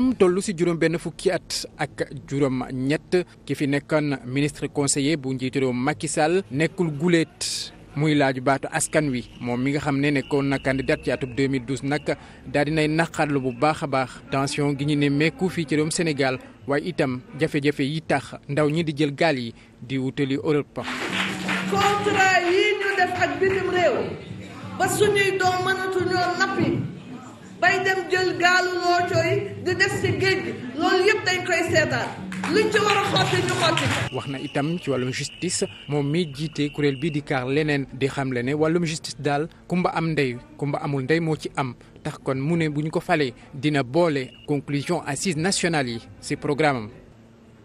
am toll si juróom benn fukki at ak juróom ñett ki fi nekkoon ministre conseiller bu njiitu réew Macky Sall nekkul guleet muy laaju baatu askan wi moom mi nga xam ne nekkoon na candidat ci atub 2012 nag daal dinay naqarlu bu baax a baax tension gi ñu ne mekku fii ci réewum Sénégal waaye itam jafe-jafe yi tax ndaw ñi di jël gaal yi di wutali Europe. contrat yi ñu def ak bitim réew ba suñuy doom mënatuñoo nappi. bay dem jël gaalu loocoo yi di def ci géej gi loolu yëpp dañ koy seetaan luñ ci war xotti ñu xotti wax na itam ci wàllum justice moom mi jiite kuréel bii di kaar leneen di xamle ne wàllum justice daal kumba am ndey kumba amul ndey moo ci am tax kon mu ne bu ñu ko falee dina boole conclusion assises nationale yi ci programme am.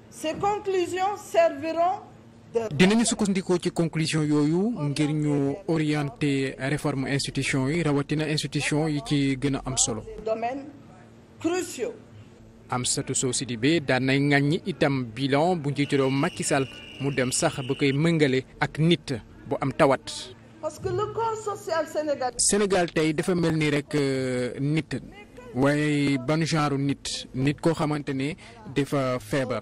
ces conclusions dinañu sukkandikoo ci conclusion yooyu ngir ñu orienté réforme institution yi rawatina institution yi ci gën a am solo. Amsatou Sow Sidibé daan nay ŋàññi itam bilan bu njiitu réew Macky mu dem sax ba koy mëngale ak nit bu am tawat. Sénégal tey dafa mel nii rek euh, nit waaye ban genre nit nit koo xamante ne dafa feebar.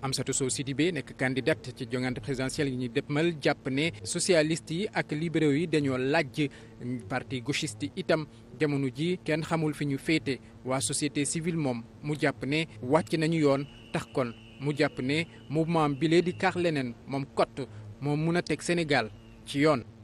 Amsatou Sow Sidibé nekk candidate ci jongante présidentielle yi ñuy dëppmal jàpp ne socialiste yi ak libéraux yi dañoo laaj parti gauchiste itam jamono ji kenn xamul fi ñu féete waa société civile moom mu jàpp ne wàcc nañu yoon tax kon mu jàpp ne mu maam bilee di kaar leneen moom kott moom mun a teg Sénégal ci yoon